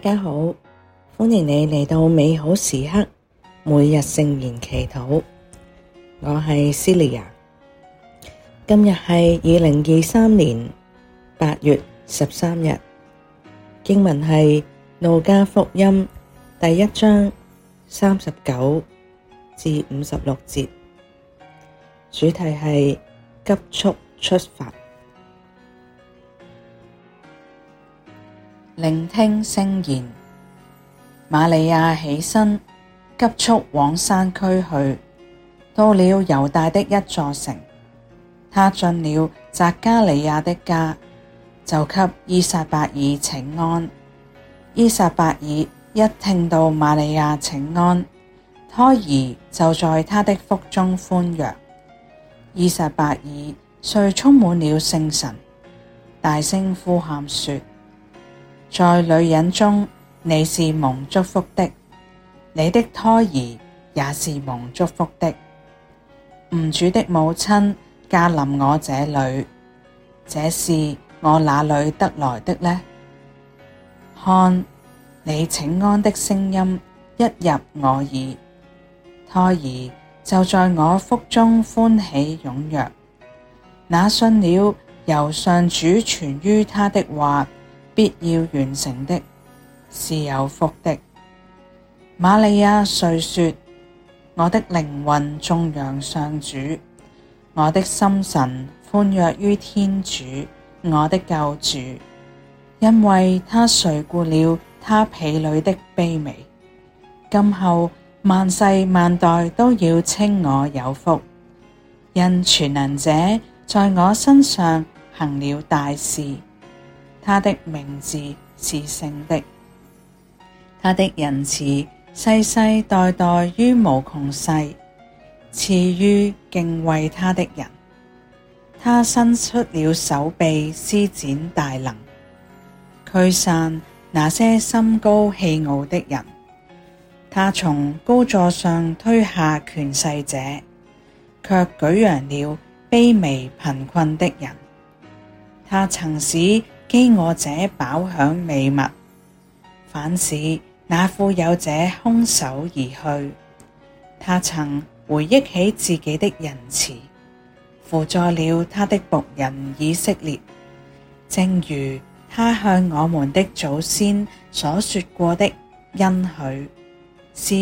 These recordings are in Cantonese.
大家好，歡迎你嚟到美好時刻，每日聖言祈禱。我係 Celia，今日係二零二三年八月十三日，經文係路加福音第一章三十九至五十六節，主題係急速出發。聆聽聖言，瑪利亞起身，急速往山區去。到了猶大的一座城，她進了匝加利亞的家，就給依撒伯爾請安。依撒伯爾一聽到瑪利亞請安，胎兒就在她的腹中歡躍。依撒伯爾遂充滿了聖神，大聲呼喊說。在女人中，你是蒙祝福的，你的胎兒也是蒙祝福的。吾主的母親駕臨我這裡，這是我哪裡得來的呢？看，你請安的聲音一入我耳，胎兒就在我腹中歡喜踴躍。那信了由上主傳於他的話，必要完成的，是有福的。瑪利亞遂說：我的靈魂頌揚上主，我的心神歡躍於天主，我的救主，因為他垂顧了他婢女的卑微。今後萬世萬代都要稱我有福，因全能者在我身上行了大事。他的名字是聖的，他的仁慈世世代代於無窮世，賜於敬畏他的人。他伸出了手臂施展大能，驅散那些心高氣傲的人。他從高座上推下權勢者，卻舉揚了卑微貧困的人。他曾使。饑餓者飽享美物，反使那富有者空手而去。他曾回憶起自己的仁慈，扶助了他的僕人以色列，正如他向我們的祖先所說過的恩許，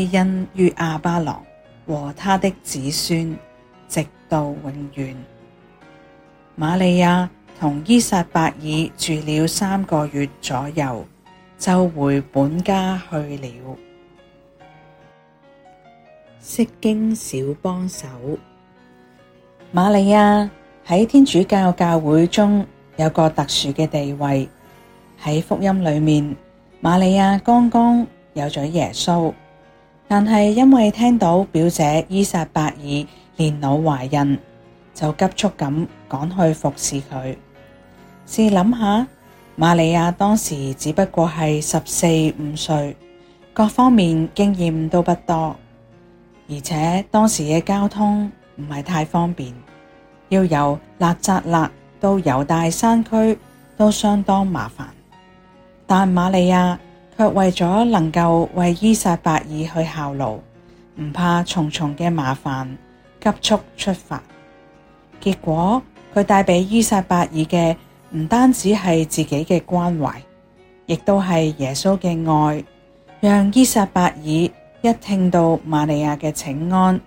是恩於阿巴郎和他的子孫，直到永遠。瑪利亞。同依撒伯，伯爾住了三個月左右，就回本家去了。釋經小幫手，瑪利亞喺天主教教會中有個特殊嘅地位。喺福音裏面，瑪利亞剛剛有咗耶穌，但係因為聽到表姐依撒伯爾年老懷孕，就急速咁趕去服侍佢。試諗下，瑪利亞當時只不過係十四五歲，各方面經驗都不多，而且當時嘅交通唔係太方便，要由納匝肋到猶大山區都相當麻煩。但瑪利亞卻為咗能夠為依撒伯爾去效勞，唔怕重重嘅麻煩，急速出發。結果佢帶俾依撒伯爾嘅唔單止係自己嘅關懷，亦都係耶穌嘅愛，讓依撒伯爾一聽到瑪利亞嘅請安，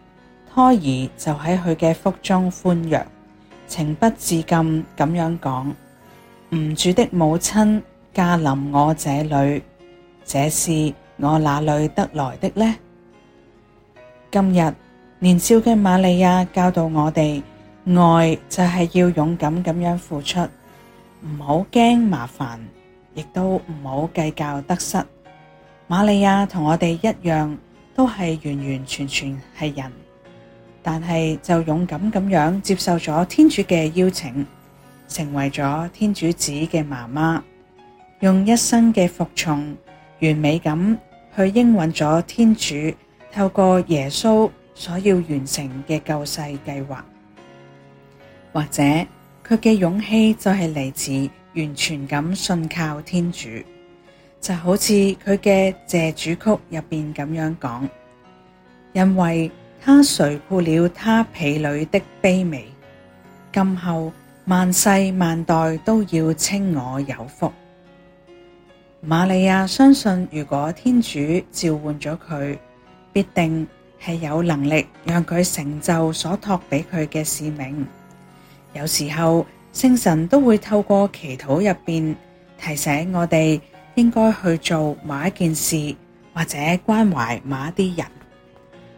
胎兒就喺佢嘅腹中歡躍，情不自禁咁樣講：吾主的母親駕臨我這裡，這是我那裡得來的呢？今日年少嘅瑪利亞教導我哋，愛就係要勇敢咁樣付出。唔好驚麻煩，亦都唔好計較得失。瑪利亞同我哋一樣，都係完完全全係人，但係就勇敢咁樣接受咗天主嘅邀請，成為咗天主子嘅媽媽，用一生嘅服從，完美咁去應允咗天主透過耶穌所要完成嘅救世計劃，或者。佢嘅勇氣就係嚟自完全咁信靠天主，就好似佢嘅謝主曲入邊咁樣講，因為他垂顧了他婢女的卑微，今後萬世萬代都要稱我有福。瑪利亞相信，如果天主召喚咗佢，必定係有能力讓佢成就所託俾佢嘅使命。有時候聖神都會透過祈禱入邊提醒我哋應該去做某一件事，或者關懷某一啲人。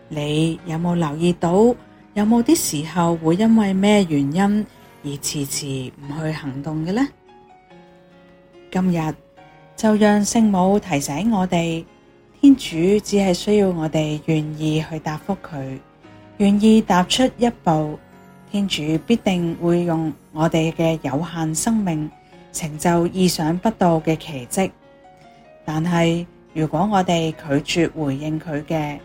你有冇留意到？有冇啲時候會因為咩原因而遲遲唔去行動嘅呢？今日就讓聖母提醒我哋，天主只係需要我哋願意去答復佢，願意踏出一步。天主必定會用我哋嘅有限生命成就意想不到嘅奇蹟，但係如果我哋拒絕回應佢嘅，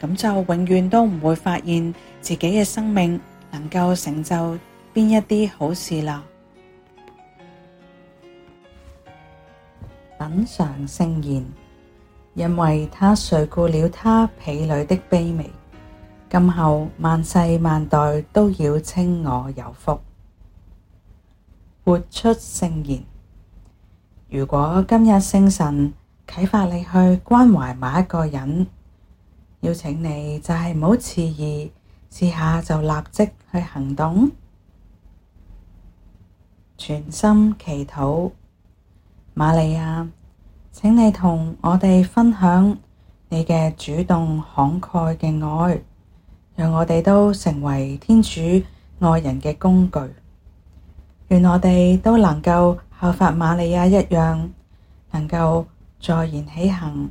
咁就永遠都唔會發現自己嘅生命能夠成就邊一啲好事啦。品嚐聖言，因為他垂顧了他婢女的卑微。今後萬世萬代都要稱我有福，活出聖言。如果今日聖神啟發你去關懷某一個人，邀請你就係唔好遲疑，試下就立即去行動，全心祈禱。瑪利亞，請你同我哋分享你嘅主動慷慨嘅愛。讓我哋都成為天主愛人嘅工具，願我哋都能夠效法瑪利亞一樣，能夠坐言起行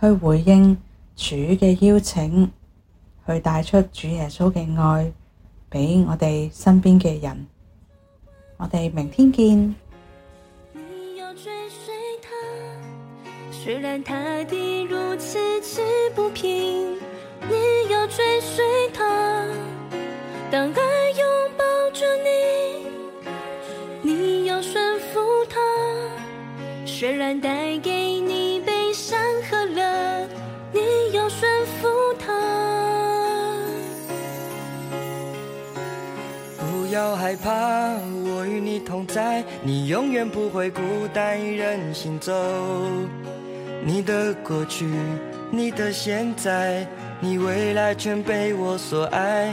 去回應主嘅邀請，去帶出主耶穌嘅愛俾我哋身邊嘅人。我哋明天見。讓愛擁抱着你，你要順服它。雖然帶給你悲傷和樂，你要順服它。不要害怕，我與你同在，你永遠不會孤單一人行走。你的過去，你的現在，你未來全被我所愛。